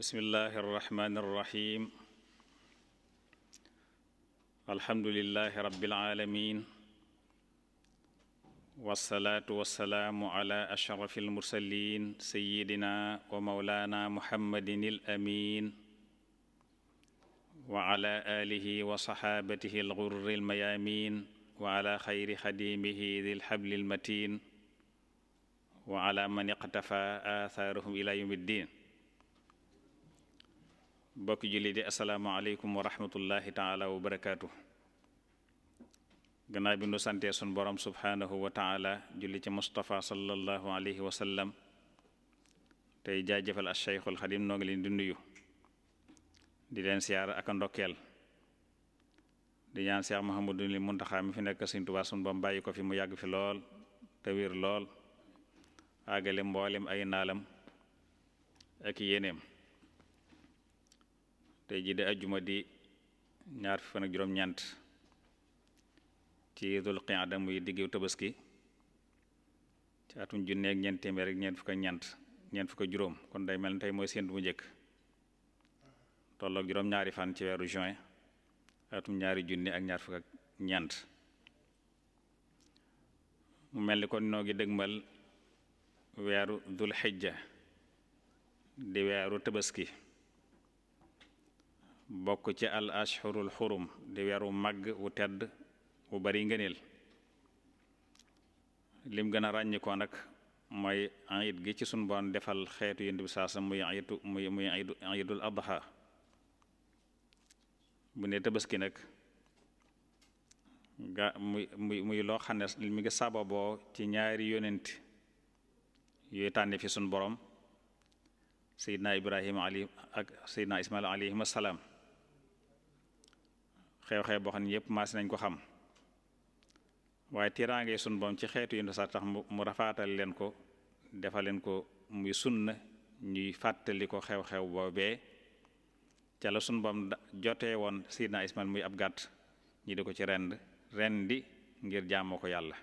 bismillahi arrahmani arrahim alhamdulilahi rabbil alamin wasalaatu wasalaamu ala ashrafi almursalin sayidina wa maulana muhammadin al amin wa ala alihi wa saxaabatihi alxurri almayamin wa ala xayri xadimihi di lxabli almatin wa ala man iqtafa athaarahum ila yawmi ddin bokki julli di asalaamaaleykum wa rahmatullahi taala wa barakaatu gannaaw bi nu santee sun borom subhaanahu wa taala julli ci Mustafa sallallahu alayhi wa sallam tey jaajëfal Cheikhul Xadim noo leen di nuyu di leen siyaar ak a ndokkeel di ñaan Cheikh Mouhamadul Muntaxa mi fi nekk Sëñ Tuubaa sun bam bàyyi ko fi mu yàgg fi lool te lool àggale mboolem ay naalam ak yéeneem tey jii di ajjuma di ñaar fi fan ak juróom-ñeent ci dul qiada muy diggu tabaski ci atum junne ak ñeent téeméer ak ñeent fukk ñeent ñeent fukk juróom kon day mel ni tey mooy sént bu njëkk tolloog juróom-ñaari fan ci weeru juin atum ñaari junne ak ñaar fukk ñeent mu mel ni kon noo ngi dëgmal weeru dul xijja di weeru tabaski bokk ci al ashhurul xurum di weeru màgg wu tedd wu bari ngëneel lim gën a ràññikoo nag mooy ayit gi ci sun boon defal xeetu yënd bi saasa nag ga muy muy ci ñaari yonent yooyu tànne borom seydina ibrahima ali ak seydina ismail alayhim assalaam xew-xew boo xam ne yëpp maas nañ ko xam waaye tiraange sun boom ci xeetu yi sax tax mu rafaatal leen ko defal leen ko muy na ñuy fàttali ko xew-xew boobee ca la sun boom jotee woon sidna Ismail muy ab gàtt ñi di ko ci rend rendi ngir jaamoo ko yàlla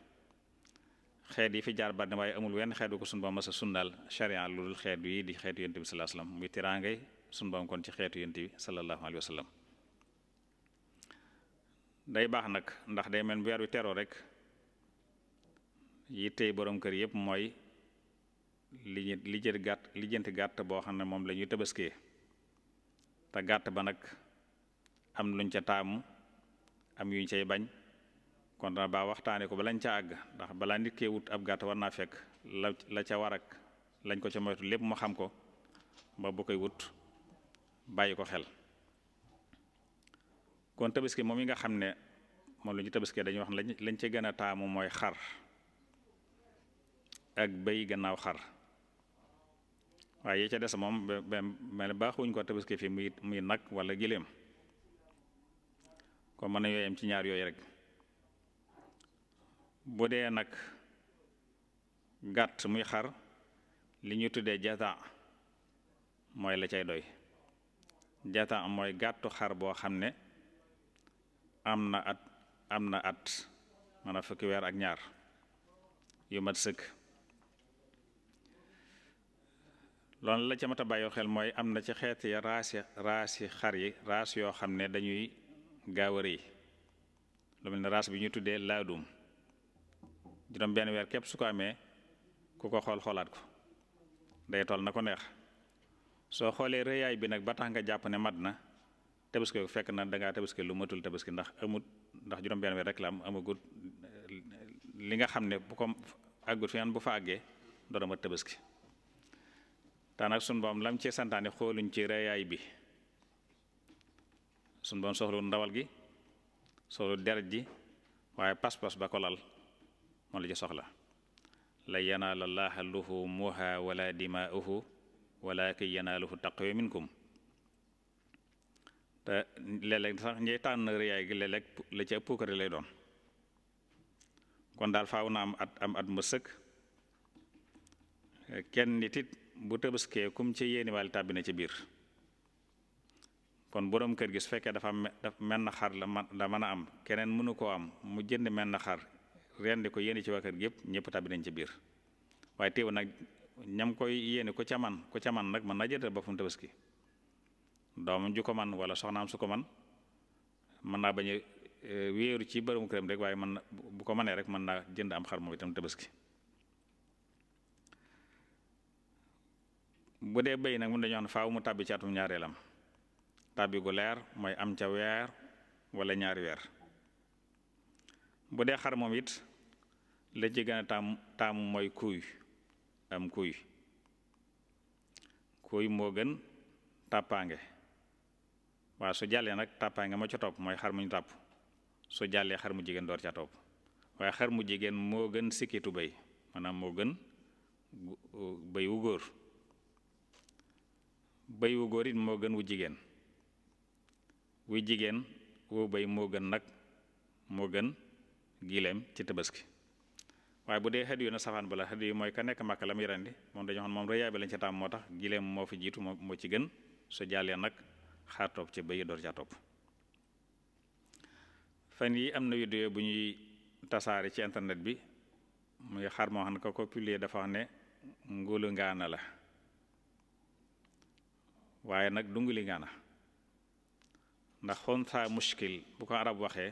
xeet yi fi jaar bari na waaye amul wenn xeetu ko sun boom masa sunnal sharia lu dul xeet yi di xeetu yonent bi sallallahu alayhi wasallam muy tiraangay sun boom kon ci xeetu yonent bi sallallahu alayhi wasallam day baax nag ndax day mel weer wi teroo rek yittey boroom kër yëpp mooy li li jënd gàtt lijjanti gàtt boo xam ne moom lañuy ñuy te gàtt ba nag am luñ ca taamu am yuñ cay bañ kon dana baa waxtaanee ko ba lañ ca àgg ndax balaa nit kee wut ab gàtt war naa fekk la la ca war ak lañ ko ca moytu lépp mu xam ko ba bu koy wut bàyyi ko xel kon tabiski moom yi nga xam ne moom la ñu tabaskee dañuy wax ne lañ lañ ci gën a taamu mooy xar ak béy gannaaw xar waaye yi ca des moom ba mel baaxuñ ko tabaski fii muy muy nag wala giléem kon mën na yooyam ci ñaar yooyu rek bu dee nag gàtt muy xar li ñu tuddee jata mooy la cay doy jata mooy gàttu xar boo xam ne am na at am na at maanaam fukki weer ak ñaar yu mat sëkk loolu la ci mat a bàyyi xel mooy am na ci xeet ya raas ya raas yi xar yi raas yoo xam ne dañuy gaaw a rëy lu mel ne ras bi ñu tuddee laadum juróom benn weer képp su ko amee ku ko xool xoolaat ko day toll na ko neex soo xoolee rëyaay bi nag ba tax nga jàpp ne mat na tabaski ko fekk na da ngaa tabaski lu matul tabaski ndax amut ndax juróom-benn weer rek la am amagut li nga xam ne bu ko àggut fi bu fa àggee doo doon mat tabaski te nag sunu boom lam ci santaane xooluñ ci reyaay bi sunu boom soxlu ndawal gi soxlu deret ji waaye pas-pas ba ko lal moom la ci soxla la yanaala laaha luhumuha wala dimaa'uhu walaakin yanaaluhu taqwa minkum te sax ñay tànn riyaay gi léeg la ci ëpp kër lay doon kon daal faaw na am at am at mu kenn nit it bu tëbaskee kum ci yéeni wàll tàbbi na ci biir kon boroom kër gi su fekkee dafa mel na xar la man la mën a am keneen mënu koo am mu jënd mel na xar rendi ko yéene ci waa kër gi yëpp ñëpp tàbbi nañ ci biir waaye teew nag ñam koy yéene ko ca man ko ca man nag mën na jëndal boppam doomam ju ko man wala soxnaam su ko man mën naa bañ a e, wéeru ci bërëmu këram rek waaye mën na bu ko manee rek mën naa jënd am xar moom itam tabaski bu dee béy nag mun dañu wax ne faaw mu tàbbi ci atum ñaareelam tàbbi gu leer mooy am ca weer walla ñaari weer bu dee xar moom it la ci gën a taam taamu mooy kuuy am kuuy kuuy moo gën tàppaange waaw su jàllee nag tàppaa nga ma ca topp mooy xar ñu tàpp su jàllee xar mu jigéen door ca topp waaye xar mu jigéen moo gën sikkitu béy maanaam moo gën béy wu góor wu góor it moo gën wu jigéen wu jigéen wu béy moo gën nag moo gën gileem ci tabaski waaye bu dee xet yu na safaan bala xet yu mooy ka nekk màkk la muy rendi moom dañoo xam moom reyaay bi lañ ci tàmm moo tax gileem moo fi jiitu moo moo ci gën su jàllee nag xaar topp ci bay door ca topp fan yi am na vidéo bu ñuy tasaare ci internet bi muy xar moo xam ne ka ko publier dafa wax ne ngulu ngaana la waaye nag dunguli ngaana ndax xonsa mushkil bu ko arab waxee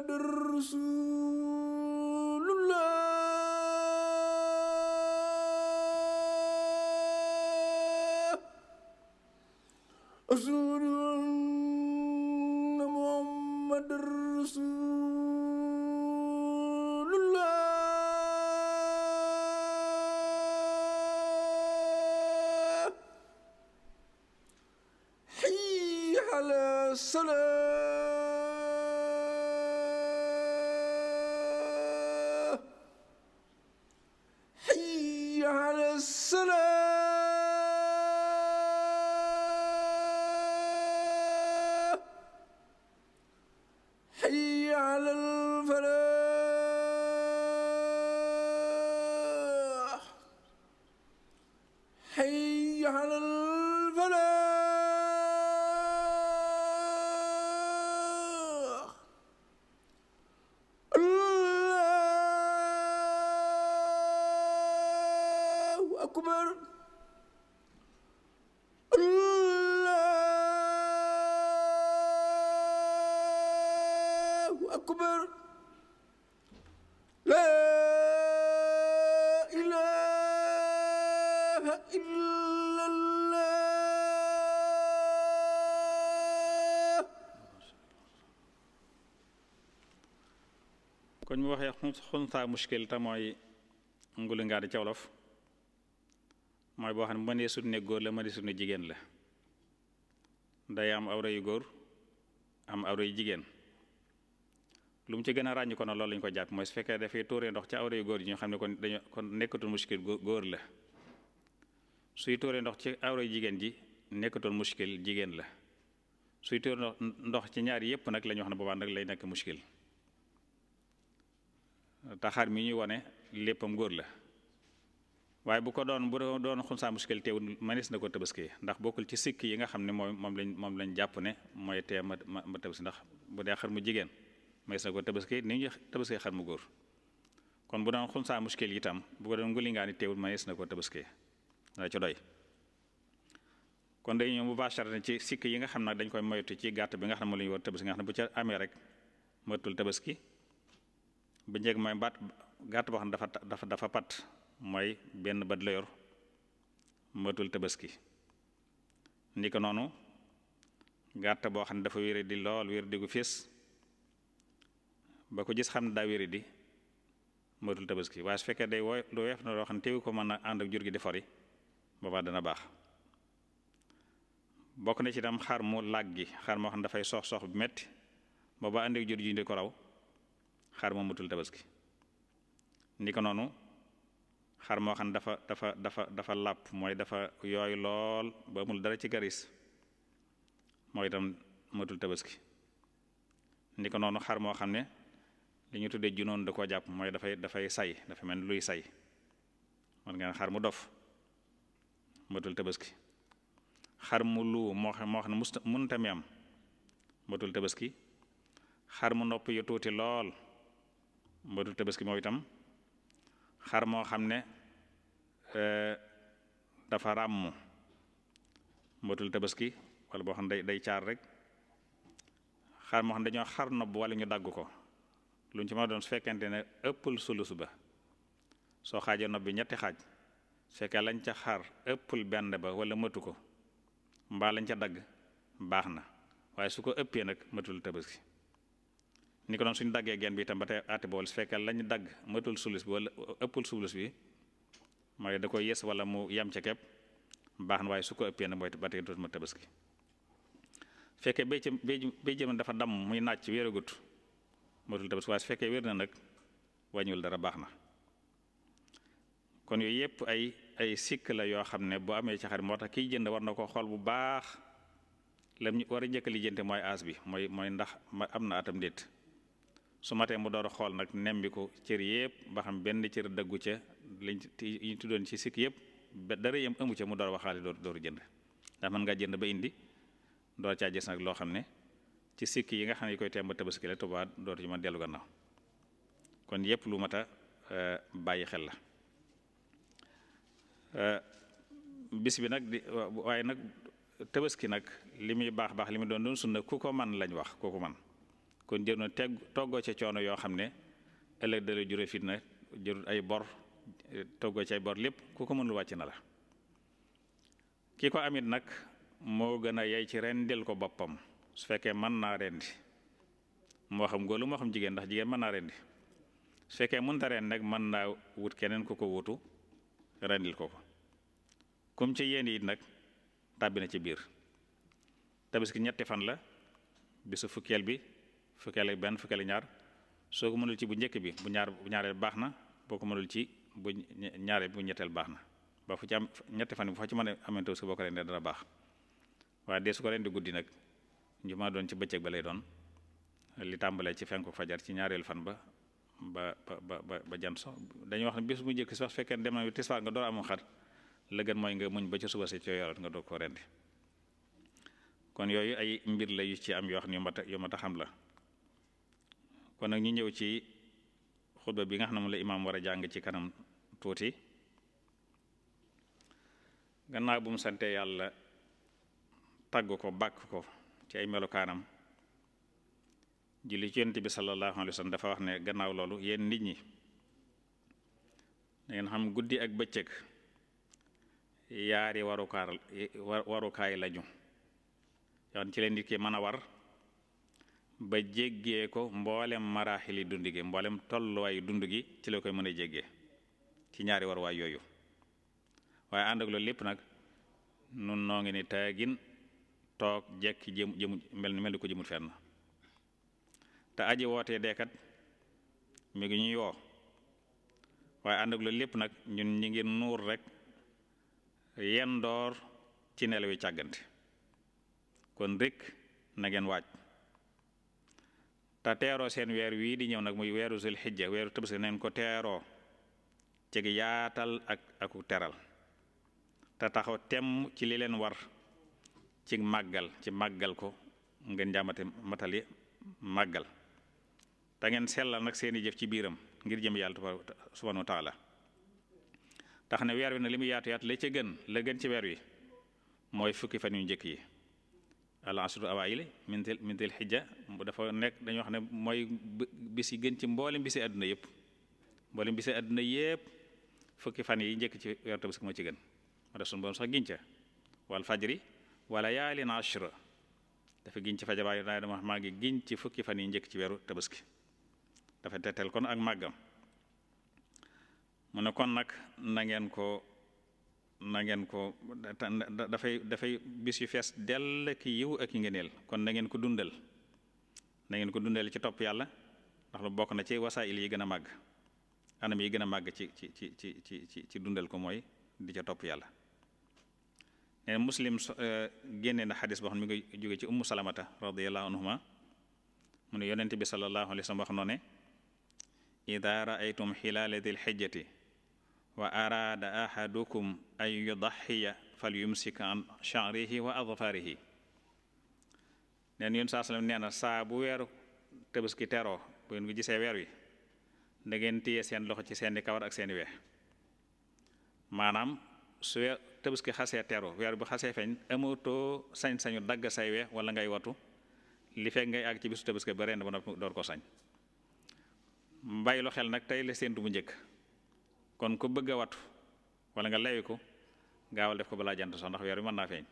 محمد رسول الله أشهد أن محمد رسول الله حي على السلام buñ mu waxee xunsaa muskil te mooy ngulu ngaa di ci olof mooy boo xam ne mënee sut ne góor la mënee sut ne jigéen la day am awra yu góor am awra yu jigéen lu mu ci gën a ràññi ko na lool lañu ko jàpp mooy su fekkee dafay tuuree ndox ci awra yu góor yi ñu xam ne kon dañu kon nekkatul muskil góor la suy tuuree ndox ci awra yu jigéen ji nekkatul muskil jigéen la suy tuuree ndox ci ñaar yépp nag la ñu wax ne boobaa nag lay nekk muskil taxaar mi ñuy wane léppam góor la waaye bu ko doon bu doon xunsaa muskil teew manis na ko tabaski ndax bokkul ci sikk yi nga xam ne mooy moom lañ moom lañ jàpp ne mooy tee ma ma tabaski ndax bu dee xar mu jigéen manis na ko tabaski ni ñu tabaski xar mu góor kon bu doon xunsaa muskil itam bu ko doon ngulingaani teewul manis na ko tabaski da ci doy kon day ñëw mubashara ne ci sikk yi nga xam nag dañ koy moytu ci gàtt bi nga xam ne moo la ñu war tabaski nga xam ne bu ca amee rek matul tabaski bu njëkk mooy baat gàtt boo xam ne dafa dafa dafa pat mooy benn bët la yor matul tabaski ni ko noonu gàtt boo xam ne dafa wéri di lool wéri di gu fees ba ko gis xam ne daa wéri di matul tabaski waaye su fekkee day wooy lu weef na loo xam ne teewu ko mën a ànd ak jur gi di fori boobaa dana baax bokk na ci tam xar mu làggi xar moo xam ne dafay sox sox bu metti ba ànd ak jur ji di ko raw xar moo matul tabaski ni ko noonu xar moo xam ne dafa dafa dafa dafa làpp mooy dafa yooy lool ba amul dara ci garis mooy itam matul tabaski ni ko noonu xar moo xam ne li ñu tuddee junoon da koo jàpp mooy dafay dafay say dafa mel luy say man ngeen xar mu dof matul tabaski xar mu lu moo xam ne musta mënta mi am matul tabaski xar mu nopp yu tuuti lool mbëtul tabaski moo itam xar moo xam ne euh, dafa ràmm mbëtul tabaski wala boo xam ne day day caar rek xar moo xam ne dañoo xar nopp walla ñu dagg ko lu ñu ci mën doon su fekkente ne ëppul sulus ba soo xaajee nopp bi ñetti xaaj su fekkee lañ ca xar ëppul benn ba wala mëtu ko mbaa lañ ca dagg baax na waaye su ko ëppee nag mëtul tabaski ni ko doon suñu daggee genn bi itam ba tey aati bool su fekkee lañu dagg matul sulus bi wala ëppul sulus bi mooy da koy yes wala mu yam ca kepp baax na waaye su ko ëppee na mooy ba tey dootuma tabaski fekkee béy ci béy jëm dafa dam muy naaj ci wéeragut matul tabaski waaye su fekkee wér na nag wàññiwul dara baax na kon yooyu yëpp ay ay sikk la yoo xam ne boo amee ci xarit moo tax kiy jënd war na ko xool bu baax lam ñu war a njëkk lijjante mooy aas bi mooy mooy ndax ma am na atam déet su matee mu door a xool nag nemmiku cër yëpp ba xam benn cër daggu ca liñ tuddoon ci sikk yëpp ba dara yem amu ca mu door a waxaale door dooru jënd ndax mën ngaa jënd ba indi door caa gis nag loo xam ne ci sikk yi nga xam ne yi koy temb tabaski la tubaa door ci mën dellu gannaaw kon yëpp lu mat a eh, bàyyi xel la eh, bis bi nag di waaye nag tabaski nag li muy baax baax li muy doon doon sunna ku ko man lañ wax ku ko man kon jër na teg toggoo ca coono yoo xam ne ëllëg dala jure fitna jërul ay bor toggoo ci ay bor lépp ku ko mënul wàcc na la ki ko amit nag moo gën a yay ci rendil ko boppam su fekkee mën naa rendi moo xam góor lu moo xam jigéen ndax jigéen mën naa rendi su fekkee mënta rend nag mën naa wut keneen ku ko wutu rendil ko ko kum ci yéen it nag tàbbi na ci biir tabaski ñetti fan la bisu fukkeel bi fukkeele benn la ñaar soo ko mënul ci bu njëkk bi bu ñaar bu ñaareel baax na boo ko mënul ci bu ñaaree bu ñetteel baax na ba fu ci am ñetti fan bu ci mën a amentaw su boo ko rendee dana baax waaye dee su ko rendi guddi nag njuma doon ci ba lay doon li tàmbalee ci fenku fajar ci ñaareelu fan ba ba ba ba ba jant so dañuy wax ne bis bu njëkk sax fekkee dem na bi tisbaar nga door amu xar la gën mooy nga muñ ba ca suba si coo nga doog koo rendi kon yooyu ay mbir la yu ci am yoo xam ne yu mat a xam la kon nag ñu ñëw ci xutba bi nga xam ne moom la imaam war a jàng ci kanam tuuti gannaaw bu mu sante yàlla tagg ko bàkk ko ci ay melokaanam julli ci yonent bi sallallahu alayhi wa dafa wax ne gannaaw loolu yéen nit ñi da ngeen guddi ak bëccëg yaari warukaar warukaay lañu yoon ci leen nit ki mën a war ba jéggee ko mboolem maraaxili dund mboolem tolluwaayu dund gi ci la koy mën a jéggee ci ñaari waruwaay yooyu waaye ànd ak loolu lépp nag nun noo ngi ni taagin toog jekki jëm jëmu mel ni mel ni ko jëmul na te aji wootee deekat mi ngi ñuy woo waaye ànd ak loolu lépp nag ñun ñi ngi nuur rek yendoor ci nelawi càggante kon rek na ngeen waaj te teeroo seen weer wii di ñëw nag muy weeru zul xijja weeru tabaski neen ko teeroo ci yaatal ak aku teral te taxaw temm ci li leen war ci màggal ci màggal ko ngeen jàmmate matali màggal te ngeen sellal nag seeni jëf ci biiram ngir jëm yàlla subhanahu wa taala tax ne weer wi na limu muy yaatu yaatu la ca gën la gën ci weer wi mooy fukki fan yu njëkk yi al ashru awaayil min til min til xijja dafa nekk dañu wax ne mooy bis yi gën ci mboolem bisi àdduna yëpp mboolem bisi àdduna yëpp fukki fan yi njëkk ci weeru tabaski moo ci gën moo def sax giñ ca fajri wala yaalin ashra dafa ci fajabaay daa dama maa ngi giñ ci fukki fan yi njëkk ci weeru tabaski dafa teteel kon ak màggam mu ne kon nag na ko nangeen ngeen ko dafay dafay bis yu fees dell ki yiw ak yi kon na ngeen ko dundal nangeen ko dundal ci topp yàlla ndax lu bokk na ci wasaayil yi gën a màgg anam yi gën a màgg ci ci ci ci ci ci dundal ko mooy di ca topp yàlla nee muslim euh, génne na xadis boo xam ne mi ngi jóge ci ummu salamata radiallahu anhuma mu ne yonente bi sallallahu alayhi wa sallam wax noo ne ida raaytum xilaala dil xijjati wa araada ahadukum an yudaxiya fal yumsik an chanrihi wa adfarihi neen yun saa sallam nee na saa bu weeru tabaski teroo bu ngeen ko gisee weer wi da ngeen téye seen loxo ci seeni kawar ak seeni we maanaam su weer tabaski xasee teru weer bu xasee feeñ amatoo sañ-sañu dagg say we wala ngay watu li fekk ngay àgg ci bisu tabaski ba ren ba noppi door ko sañ bàyyi lu xel nag tey la séentu bu njëkk kon ko bëgg a wattu wala nga lewi ko gaawal def ko balaa jant soo ndax weer wi mën naa feeñ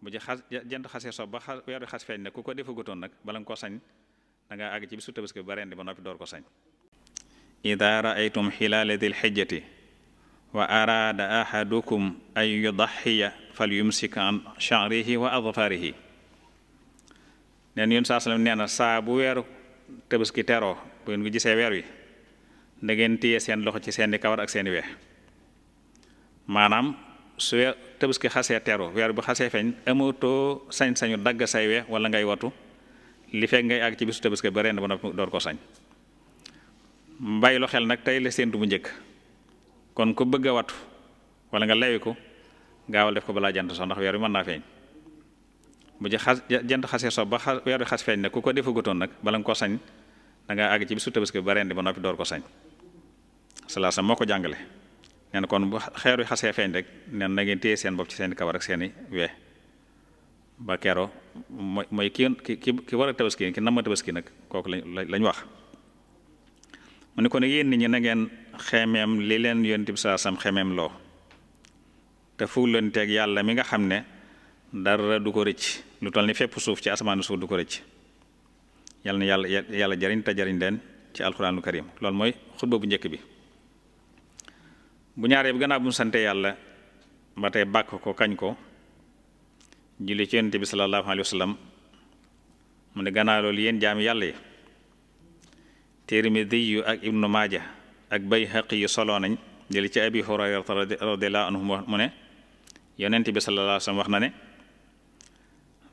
bu ci jant xasee so ba xas weer wi xas feeñ nag ku ko defagutoon nag bala nga ko sañ da ngaa àgg ci bisu tabaski ba rendi ba noppi door ko sañ ida raaytum xilaala dil xijjati wa araada ahadukum an yudaxiya fal yumsik an wa adfarihi neen yun saa salam nee na saa bu weeru tabaski teroo bu ngeen ko gisee weer wi da ngeen téye seen loxo ci seeni kawar ak seeni we maanaam su we tabaski xasee tero weer bu xasee feeñ amatoo sañ-sañu dagg say we wala ngay watu li fekk ngay àgg ci bisu tabaski ba rend door ko sañ bàyyi lu xel nag tey la séentu bu njëkk kon ku bëgg a watu wala nga lewi ko gaawal def ko balaa jant so ndax weer mën naa feeñ bu ci xas jant xasee ba weer bi xas feeñ nag ku ko defagutoon nag bala nga ko sañ da ngaa àgg ci bisu tabaski ba rend ba noppi door ko sañ salaasa moo ko jàngale nee na kon bu xeeru xasee feeñ rek nen na ngeen téye seen bopp ci seen kawar rek seen i ba keero mooy ki ki ki war a tabaski ki nam a tabaski nag kooku la lañ wax mu ne kon yéen nit ñi nangeen ngeen xemeem li leen yonent bi saa sam xemeem loo te fulanteeg yàlla mi nga xam ne dara du ko rëcc lu toll ni fépp suuf ci asamaanu suuf du ko rëcc yal na yàlla yàlla jariñ te jariñ leen ci alxuraanul karim loolu mooy xutba bu njëkk bi bu ñaaree bi gannaaw bu mu sante yàlla ba tey bàkk ko kañ ko julli ci yonent bi sallallahu alayhi wa sallam mu loolu yéen jaami yàlla yi Tirmidi yu ak Ibnu Maaja ak Bayhaqi yu soloo nañ jëli ci Abi Hurayrata radiyallahu anhu mu ne yonent bi sallallahu alayhi wa sallam wax na ne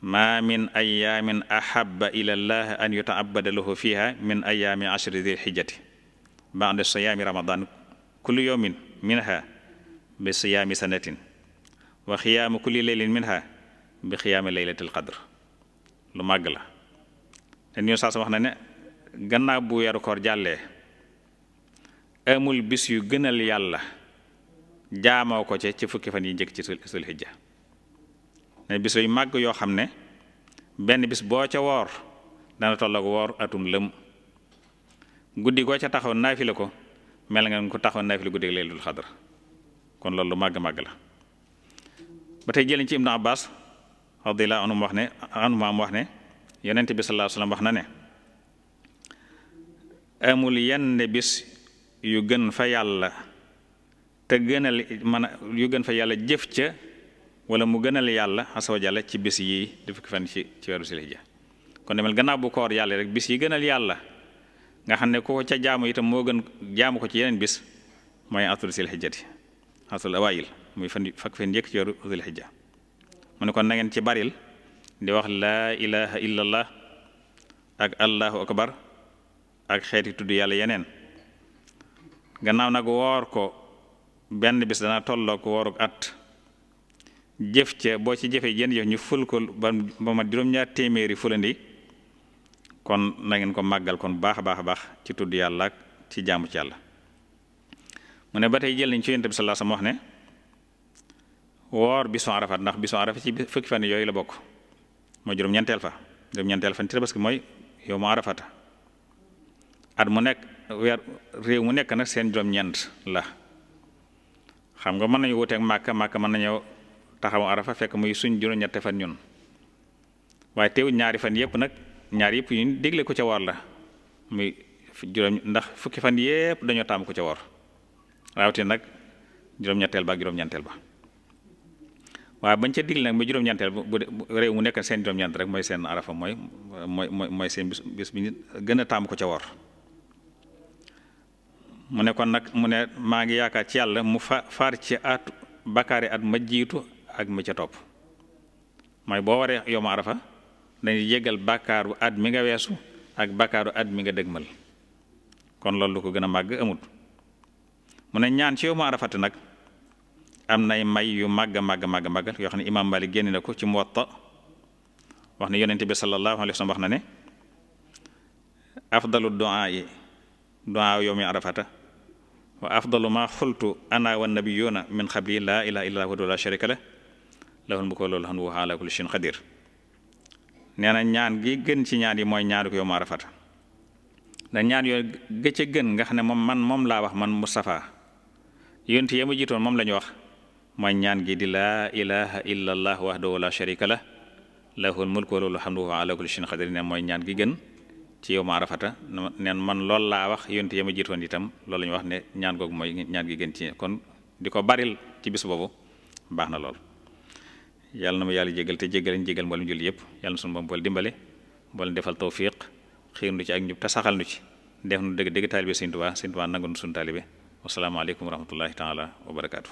ma min ayaamin ahabba ila llah an yutaabada lahu fiha min ayaami ashri dil hijjati ba'da siyaami ramadan kullu yawmin minha bi siyaami sanatin wa xiyaamu kulli leylin minha bi xiyaami laylatil qadr lu màgg la te ñu saa sa wax na ne gannaaw bu weeru koor jàllee amul bis yu gënal yàlla jaamoo ko ca ci fukki fan yi njëkk ci sul hijja ne bis yu màgg yoo xam ne benn bis boo ca woor dana tolloog woor atum lëm guddi goo ca taxaw naafile ko mel nga ko taxaw naafila guddeeg Laylatul Qadr kon loolu lu màgg màgg la ba tey jëliñ ci Ibnu Abbas radiyallahu anhu wax ne anuma wax ne yonent bi sallallahu wax na ne amul yenn bis yu gën fa yàlla te gënal man yu gën fa yàlla jëf ca wala mu gënal yàlla azza wa ci bis yii di fukki fan ci ci weeru Zulhijja kon demel gannaaw bu koor yàlla rek bis yi gënal yàlla nga xam ne ko ca jaamu itam moo gën jaamu ko ci yeneen bis mooy atul sil xijjati atul awaayil muy fan fak fen njëkk ci yoru zil xijja mu ne kon na ngeen ci baril di wax laa ilaha illallah ak allahu akbar ak xeeti tudd yàlla yeneen gannaaw nag woor ko benn bis dana tolloog wooruk at jëf ca boo ci jëfe jën jëf ñu ful ko ba ma juróom-ñaar téeméeri fulandi kon nangeen ko màggal kon baax a baax a baax ci tudd yàlla ci jaamu ci yàlla mu ne ba tey jël nañ ci yonent bi sallallahu alayhi wasallam wax ne woor bisu arafat ndax bisu arafat ci fukki fan yooyu la bokk mooy juróom-ñeenteel fa juróom-ñeenteel fan ci tabaski mooy yow mu arafata at mu nekk weer réew mu nekk nag seen juróom-ñeent la xam nga mën nañu wuteeg màkka màkka mën nañoo taxaw arafa fekk muy suñ juróom-ñette fan ñun waaye teew ñaari fan yépp nag ñaar yëpp yu digle ku ca war la muy juróom ndax fukki fan yépp dañoo taamu ku ca war rawatina nag juróom-ñetteel ba ak juróom-ñeenteel ba waaye bañ ca digle nag muy juróom-ñeenteel bu réew mu nekk seen juróom-ñeent rek mooy seen arafa mooy mooy mooy seen bis bis bi gën a taamu ku ca war mu ne kon nag mu ne maa ngi yaakaar ci yàlla mu fa faar ci at bakkaari at ma jiitu ak ma ca topp mooy boo waree yow ma arafa dañuy jégal bàkkaaru at mi nga weesu ak bàkkaaru at mi nga dëgmal kon loolu lu ko gën a màgg amul mu ñaan ci yow ma arafate nag am nay may yu màgg màgg màgg màgg yoo xam ne imaam Malik génn na ko ci Muwatta wax ne yonent bi sa alayhi wax na ne afdalu duaa yi duaa yow mi arafata wa afdalu ma xultu ana wa nabiyuna min xabli laa ilaha illa huwa la sharika la lahul mulku wa lahul hamdu wa ala kulli shay'in qadir nee na ñaan gi gën ci ñaan yi mooy ñaanu ko yow ma rafata da ñaan yooyu gëcc gën nga xam ne moom man moom laa wax man Moustapha yonent yi ma jiitoon moom la ñu wax mooy ñaan gi di laa ilaha illa allah wahdahu la sharika lah lahul mulku wa lahul hamdu wa ala kulli shay'in qadir mooy ñaan gi gën ci yow ma rafata nen man loolu laa wax yonent yi ma jiitoon itam loolu la ñu wax ne ñaan googu mooy ñaan gi gën ci kon di ko baril ci bisu boobu baax na lool yàlla na ma yàlla jégal te jégal ñu jégal mboolem julli yëpp yàlla na sunu boom bool dimbale bool defal tawfiq xiir nu ci ak ñu te saxal nu ci def nu dëgg dëgg taalibe Sëriñ Tuubaa Sëriñ Tuubaa nangu nu sunu taalibe wasalaamaaleykum wa rahmatullahi taala wa barakaatu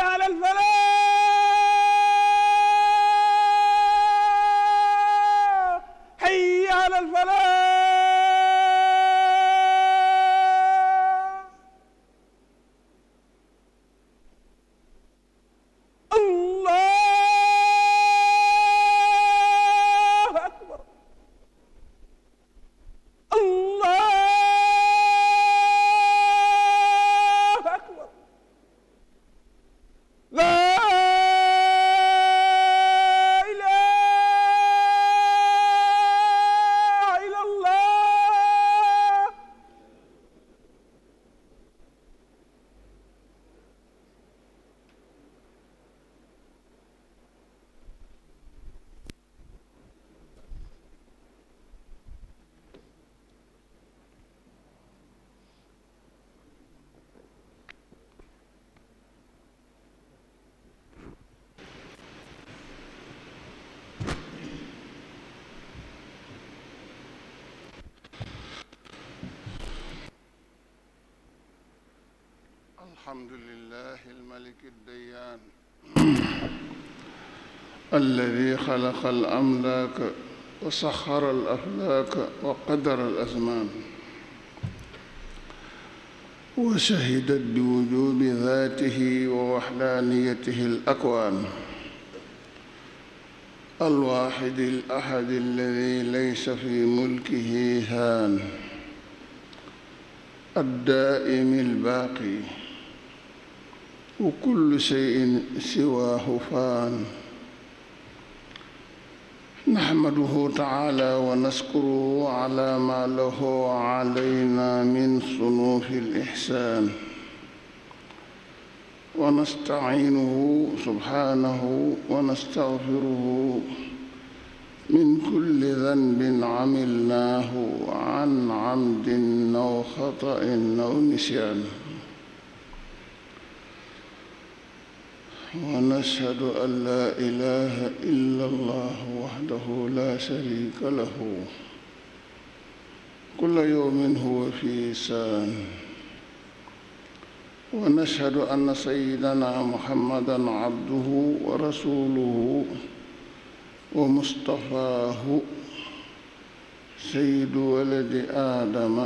على الفلاح الحمد لله الملك الديان الذي خلق الأملاك وسخر الأفلاك وقدر الأزمان وشهدت بوجود ذاته ووحدانيته الأكوان الواحد الأحد الذي ليس في ملكه هان الدائم الباقي وكل شيء سواه فان نحمده تعالى ونشكره على ما له علينا من صنوف الإحسان ونستعينه سبحانه ونستغفره من كل ذنب عملناه عن عمد أو خطأ أو نسيان ونشهد أن لا إله إلا الله وحده لا شريك له كل يوم هو في سان ونشهد أن سيدنا محمدا عبده ورسوله ومصطفاه سيد ولد آدم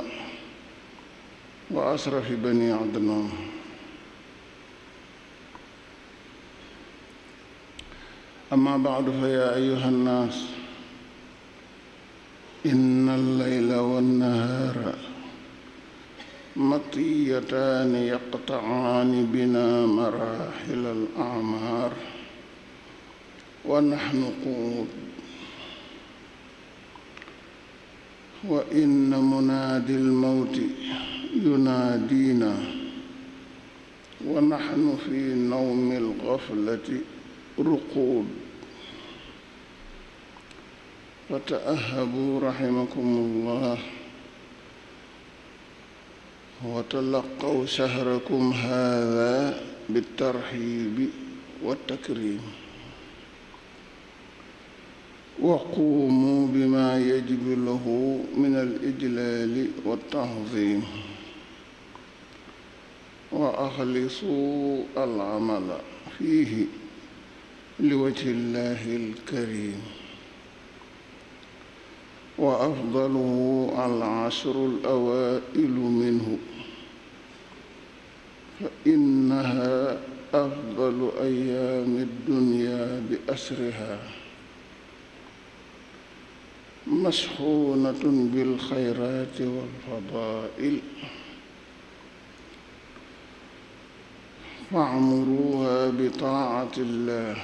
وأشرف بني عدنان أما بعد فيا أيها الناس إن الليل والنهار مطيتان يقطعان بنا مراحل الأعمار ونحن قود وإن منادي الموت ينادينا ونحن في نوم الغفلة رقود فتأهبوا رحمكم الله وتلقوا شهركم هذا بالترحيب والتكريم وقوموا بما يجب له من الإجلال والتعظيم وأخلصوا العمل فيه لوجه الله الكريم وأفضله العشر الأوائل منه فإنها أفضل أيام الدنيا بأسرها مسحونة بالخيرات والفضائل فاعمروها بطاعة الله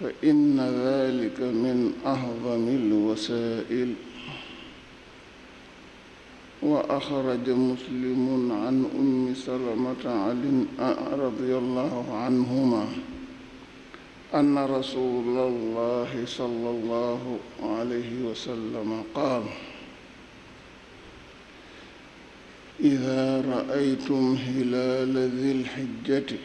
فإن ذلك من أعظم الوسائل وأخرج مسلم عن أم سلمة عن رضي الله عنهما أن رسول الله صلى الله عليه وسلم قال إذا رأيتم هلال ذي الحجة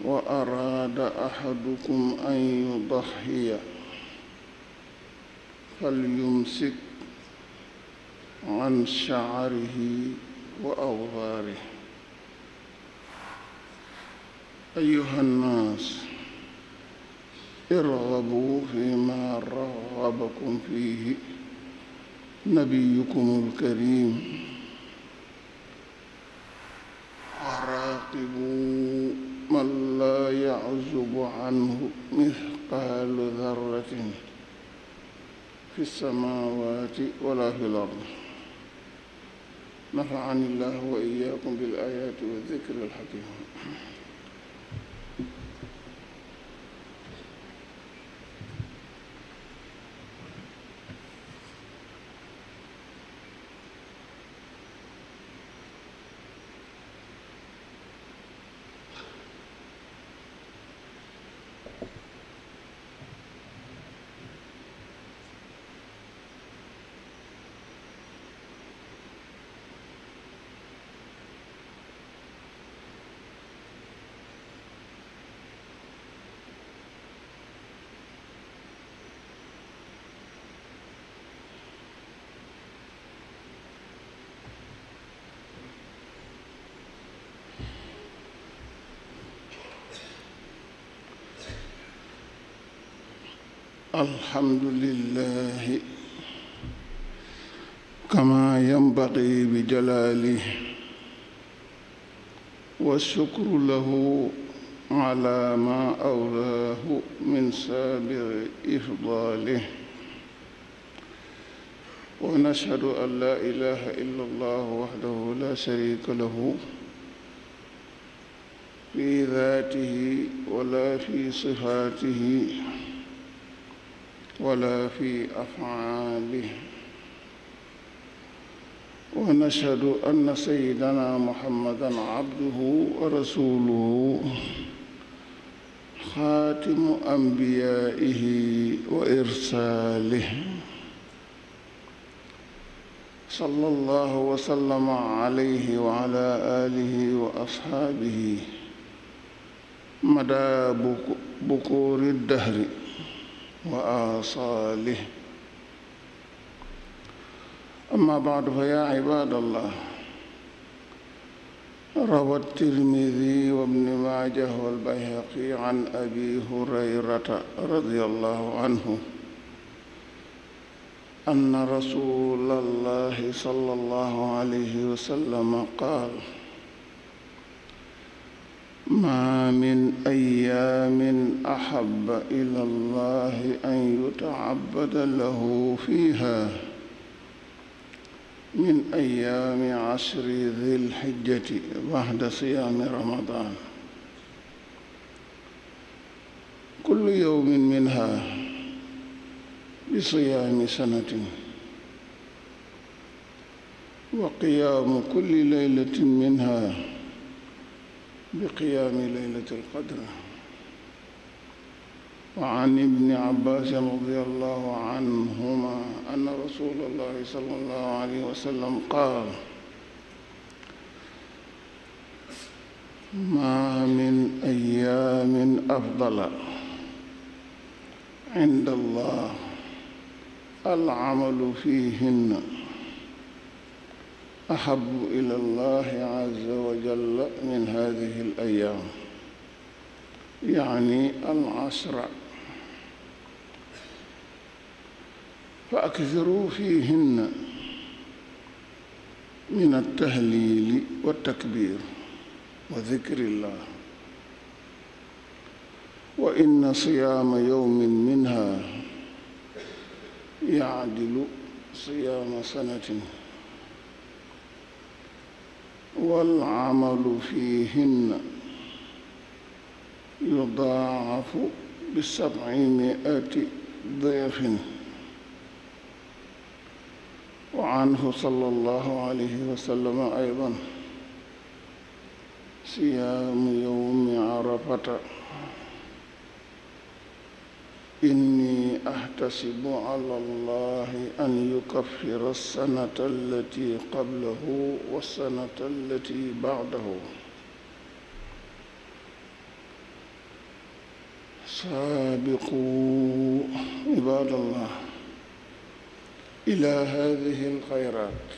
wa araada axadukum an yudaxiya falyumsik an shacarihi wa awbaarihi أيها الناس ارغبوا فيما رغبكم فيه نبيكم الكريم وراقبوا من لا يعزب عنه مثقال ذرة في السماوات ولا في الأرض نفعني الله وإياكم بالآيات والذكر الحكيم alhamdulillahi kama yanbaghi bi jalaalihi wa shukru lahu ala ma awlaahu min saabiri ifdaalihi wa nashhadu an laa ilaaha illa allahu wahdahu laa shariika lahu fi daatihi wa laa fi sifaatihi ولا في أفعاله ونشهد أن سيدنا محمدا عبده ورسوله خاتم أنبيائه وإرساله صلى الله وسلم عليه وعلى آله وأصحابه مدى بكور الدهر وآصاله أما بعد فيا عباد الله روى الترمذي وابن ماجه والبيهقي عن أبي هريرة رضي الله عنه أن رسول الله صلى الله عليه وسلم قال ما من أيام أحب إلى الله أن يتعبد له فيها من أيام عشر ذي الحجة بعد صيام رمضان كل يوم منها بصيام سنة وقيام كل ليلة منها بقيام ليلة القدر وعن ابن عباس رضي الله عنهما أن رسول الله صلى الله عليه وسلم قال ما من أيام أفضل عند الله العمل فيهن أحب إلى الله عز وجل من هذه الأيام يعني العصر فأكثروا فيهن من التهليل والتكبير وذكر الله وإن صيام يوم منها يعدل صيام سنة والعمل فيهن يضاعف بسبعمائة ضعف وعنه صلى الله عليه وسلم أيضا صيام يوم عرفة إني أحتسب على الله أن يكفر السنة التي قبله والسنة التي بعده سابقوا عباد الله إلى هذه الخيرات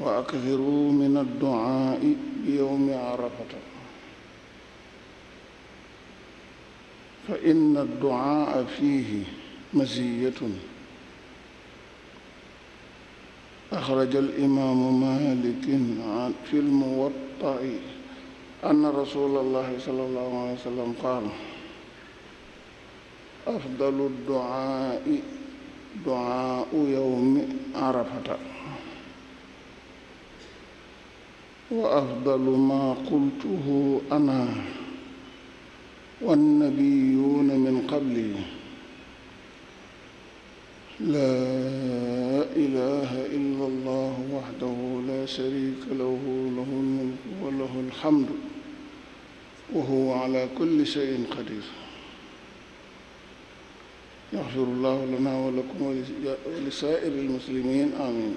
وأكثروا من الدعاء بيوم عرفة fa inna duaa fiihi maziyatun axraja alimaamu malikin fi lmuwatta'i anna rasula allahi sal allahu alayhi wa sallam qaala afdalu duaai duaau yowmi arafata wa afdalu maa qultuhu ana والنبيون من قبلي لا إله إلا الله وحده لا شريك له له الملك وله الحمد وهو على كل شيء قدير يغفر الله لنا ولكم ولسائر المسلمين آمين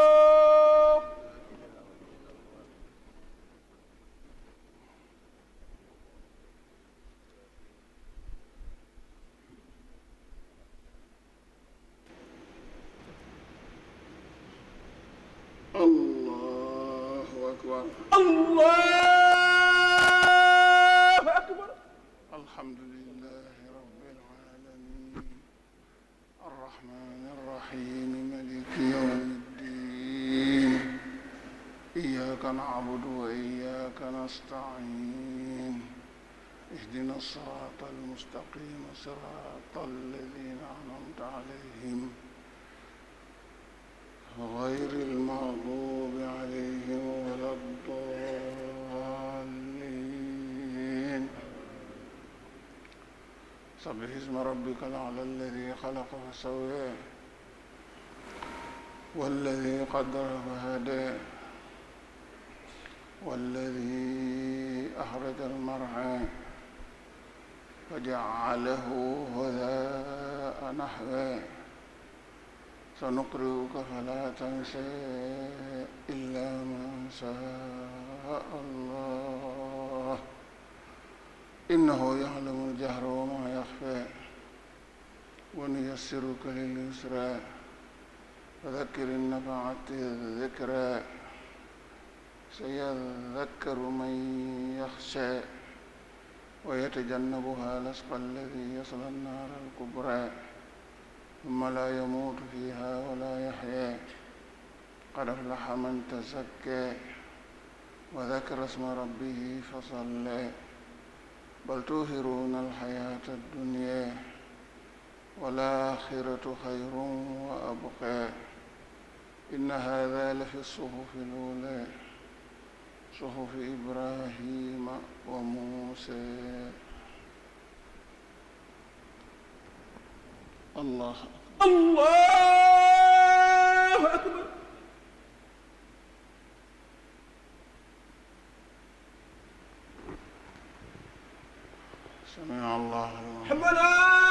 اهدنا الصراط المستقيم صراط الذين أنعمت عليهم غير المغضوب عليهم ولا الضالين سبح اسم ربك الأعلى الذي خلق فسواه والذي قدر فهداه والذي أخرج المرعى فجعله غثاء نحوا سنقرئك فلا تنسى إلا ما شاء الله إنه يعلم الجهر وما يخفى ونيسرك لليسرى فذكر إن نفعت الذكرى سيذكر من يخشى ويتجنبها الأشقى الذي يصلى النار الكبرى ثم لا يموت فيها ولا يحيا قد أفلح من تزكى وذكر اسم ربه فصلى بل توهرون الحياة الدنيا والآخرة خير وأبقى إن هذا لفي الصحف الأولى صحف إبراهيم وموسى الله الله أكبر سمع الله حمدا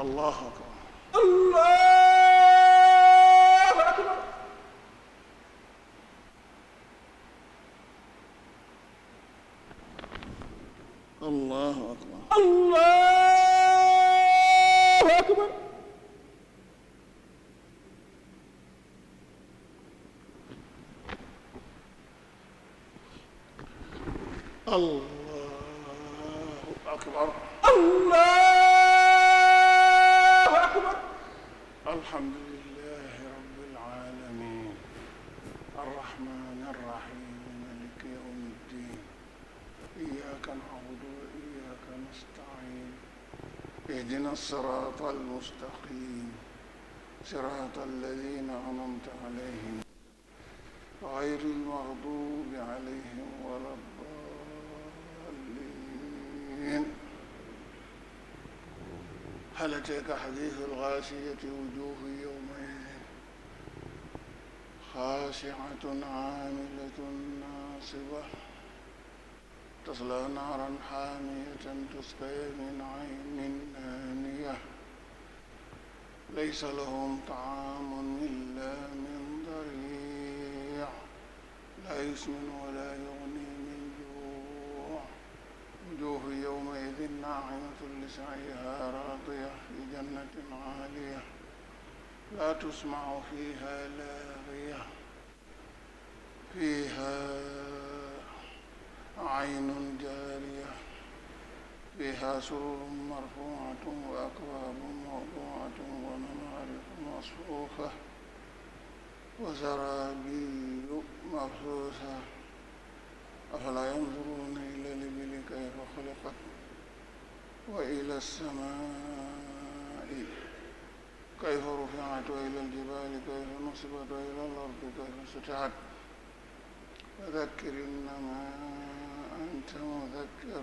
allahu akbar اهدنا الصراط المستقيم صراط الذين أنعمت عليهم غير المغضوب عليهم ولا الضالين هل أتاك حديث الغاشية وجوه يومئذ خاشعة عاملة ناصبة تصلى نارا حامية تسقى من عين ليس لهم طعام إلا من ضريع لا يسمن ولا يغني من جوع وجوه يومئذ ناعمة لسعيها راضية في جنة عالية لا تسمع فيها لاغية فيها عين جارية فيها سرر مرفوعة وأكواب موضوعة ومنارق مصفوفة وزرابي مبثوثة أفلا ينظرون إلى الإبل كيف خلقت وإلى السماء كيف رفعت وإلى الجبال كيف نصبت وإلى الأرض كيف سطحت فذكر إنما أنت مذكر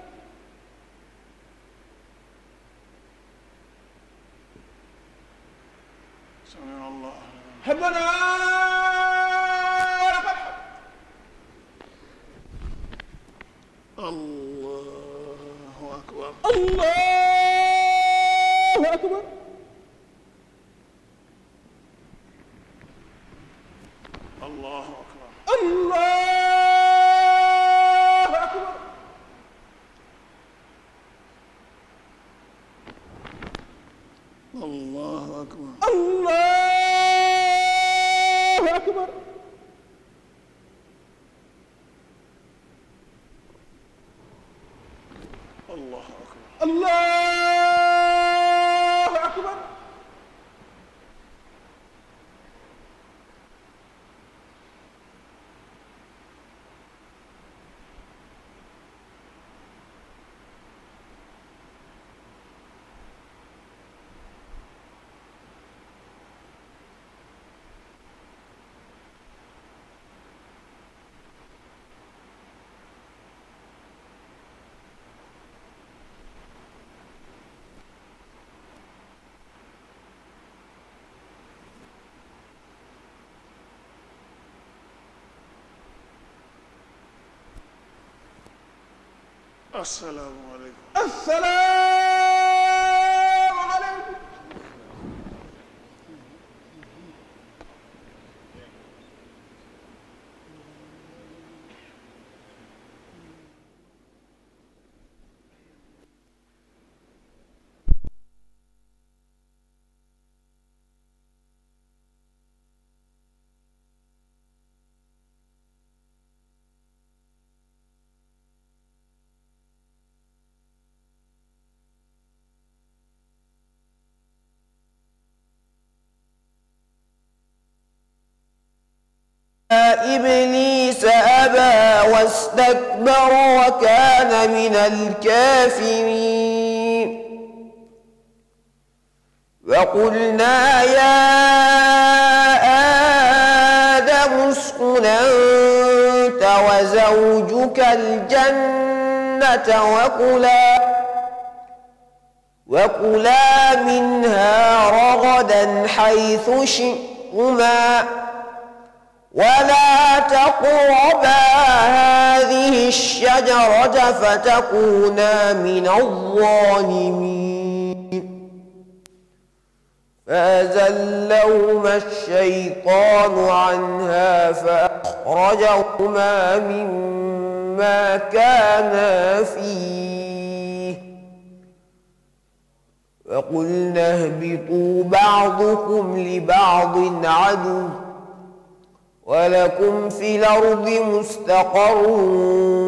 Allah akbar Allah Allah asalaamaaleykum. asalaam. إبليس أبى واستكبر وكان من الكافرين وقلنا يا آدم اسكن أنت وزوجك الجنة وكلا وكلا منها رغدا حيث شئتما ولا تقربا هذه الشجرة فتكونا من الظالمين فأزلهما الشيطان عنها فأخرجهما مما كانا فيه فقلنا اهبطوا بعضكم لبعض عدو ولكم في الأرض مستقر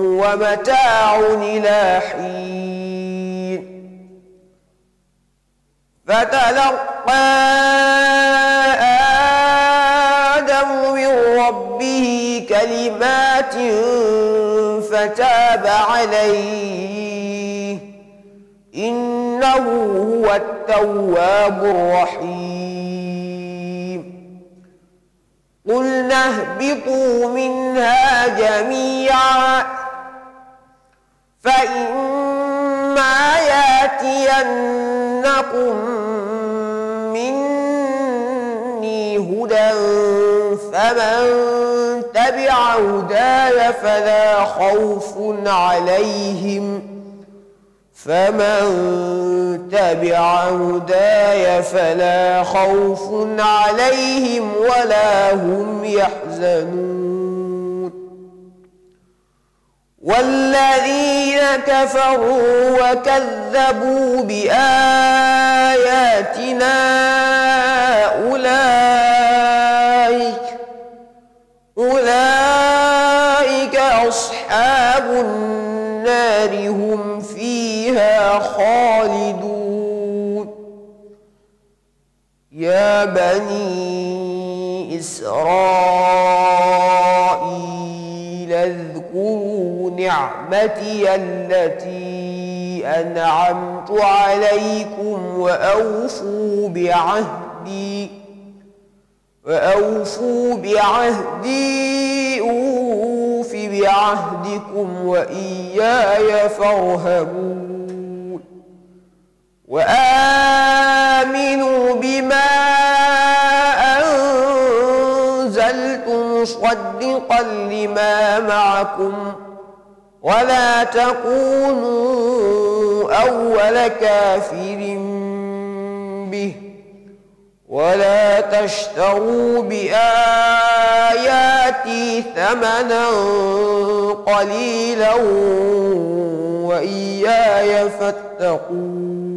ومتاع إلى حين فتلقى آدم من ربه كلمات فتاب عليه إنه هو التواب الرحيم قلنا اهبطوا منها جميعا فإما ياتينكم مني هدى فمن تبع هداي فلا خوف عليهم ۖ فمن تبع هداي فلا خوف عليهم ولا هم يحزنون والذين كفروا وكذبوا بآياتنا أولئك أولئك أصحاب النار هم فيها خالدون يا بني إسرائيل اذكروا نعمتي التي أنعمت عليكم وأوفوا بعهدي وأوفوا بعهدي أوفي بعهدكم وإياي فارهبون وآمنوا بما أنزلت مصدقا لما معكم ولا تكونوا أول كافر به ولا تشتروا بآياتي ثمنا قليلا وإياي فاتقون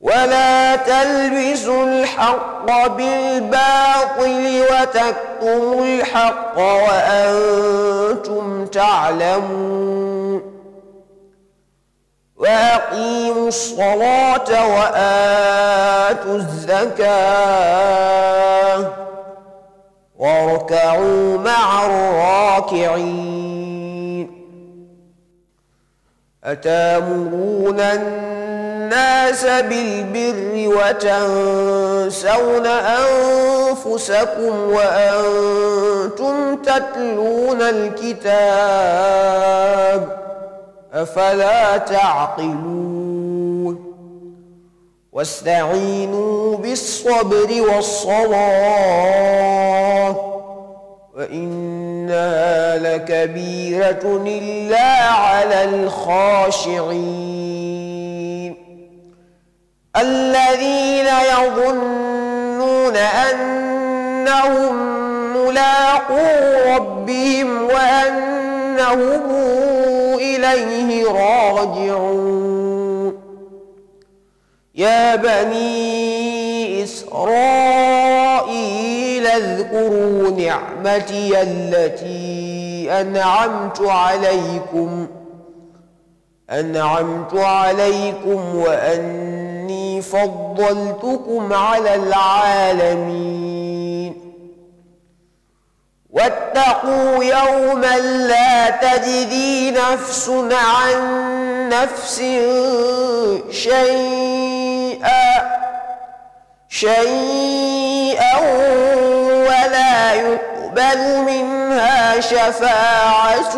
ولا تلبسوا الحق بالباطل وتكتموا الحق وأنتم تعلمون وأقيموا الصلاة وآتوا الزكاة واركعوا مع الراكعين أتامرون الناس الناس بالبر وتنسون أنفسكم وأنتم تتلون الكتاب أفلا تعقلون واستعينوا بالصبر والصلاة وإنها لكبيرة إلا على الخاشعين الذين يظنون أنهم ملاقو ربهم وأنهم إليه راجعون يا بني إسرائيل اذكروا نعمتي التي أنعمت عليكم أنعمت عليكم وأن فضلتكم على العالمين واتقوا يوما لا تجدي نفس عن نفس شيئا شيئا ولا يؤمن تقبل منها شفاعة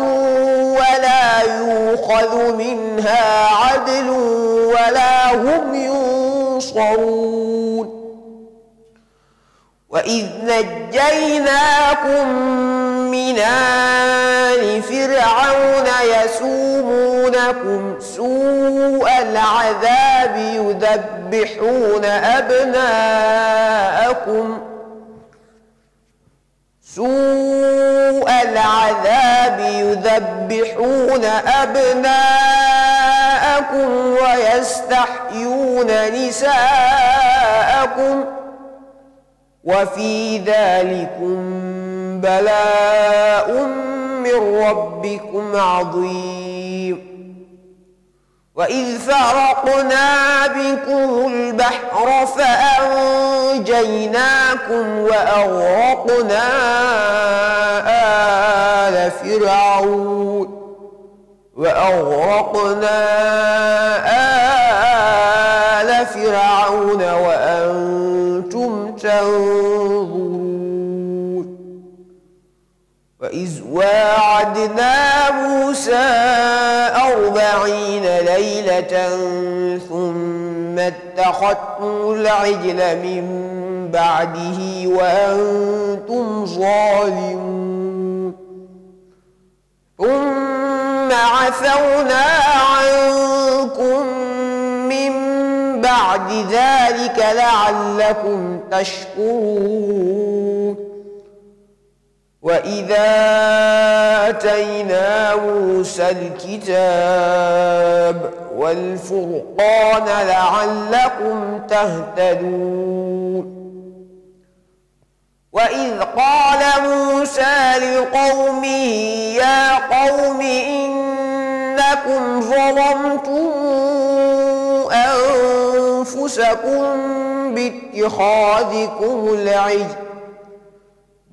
ولا يؤخذ منها عدل ولا هم ينصرون وإذ نجيناكم من آل فرعون يسومونكم سوء العذاب يذبحون أبناءكم ۖ سوء العذاب يذبحون أبناءكم ويستحيون نساءكم وفي ذلكم بلاء من ربكم عظيم وإذ فرقنا بكم البحر فأنجيناكم وأغرقنا آل فرعون وأغرقنا آل فرعون وأنتم تنظرون وعدنا موسى أربعين ليلة ثم اتخذتم العجل من بعده وأنتم ظالمون ثم عفونا عنكم من بعد ذلك لعلكم تشكرون وإذا أتينا موسى الكتاب والفرقان لعلكم تهتدون وإذ قال موسى لقومه يا قوم إنكم ظلمتم أنفسكم باتخاذكم العجل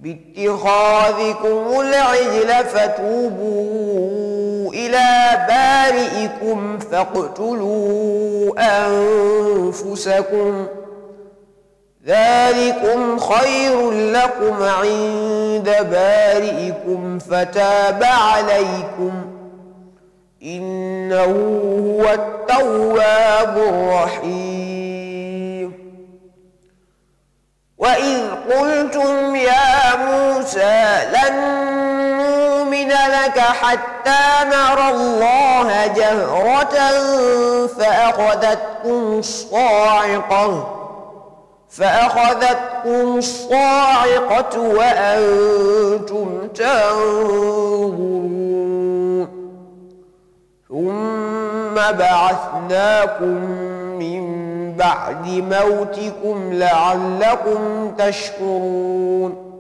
باتخاذكم العجل فتوبوا إلى بارئكم فاقتلوا أنفسكم ذلكم خير لكم عند بارئكم فتاب عليكم إنه هو التواب الرحيم وإذ قلتم يا موسى لن نؤمن لك حتى نرى الله جهرة فأخذتكم الصاعقة فأخذتكم الصاعقة وأنتم تنظرون ثم بعثناكم من بعد موتكم لعلكم تشكرون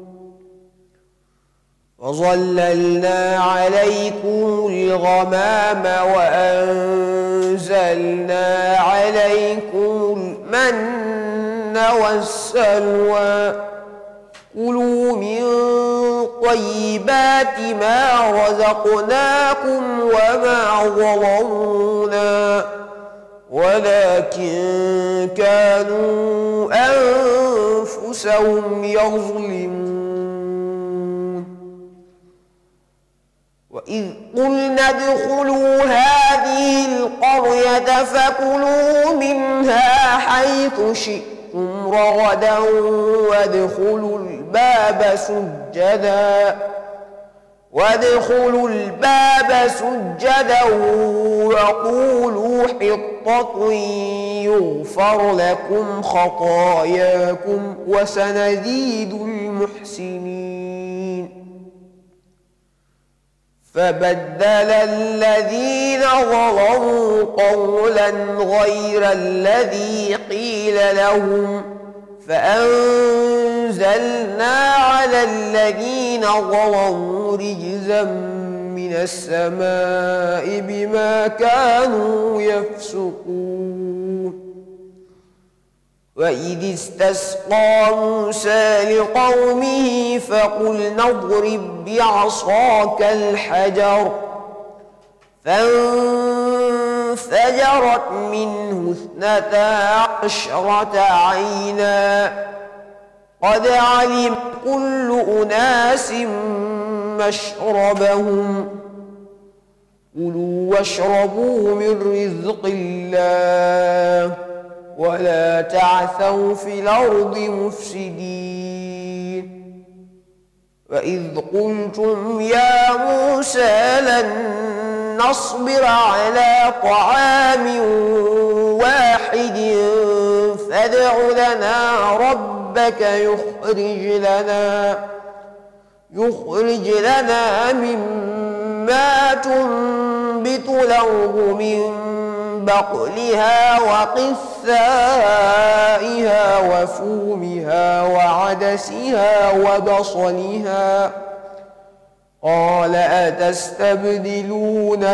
وظللنا عليكم الغمام وأنزلنا عليكم المن والسلوى كلوا من طيبات ما رزقناكم وما ظلمنا ولكن كانوا أنفسهم يظلمون وإذ قلنا ادخلوا هذه القرية فكلوا منها حيث شئتم رغدا وادخلوا الباب سجداً وادخلوا الباب سجدا وقولوا حط قطن يغفر لكم خطاياكم وسنزيد المحسنين فبدل الذين ظلموا قولا غير الذي قيل لهم فأنزلنا على الذين ظلموا رجزا من السماء بما كانوا يفسقون وإذ استسقى موسى لقومه فقلنا اضرب بعصاك الحجر فانفجرت منه اثنتا عشرة عيناً قد علم كل أناس مشربهم كلوا واشربوا من رزق الله ولا تعثوا في الأرض مفسدين وإذ قلتم يا موسى لن نصبر على طعام واحد فادع لنا ربك يخرج لنا يخرج لنا مما تنبت له من بقلها وقثائها وفومها وعدسها وبصلها قال أتستبدلون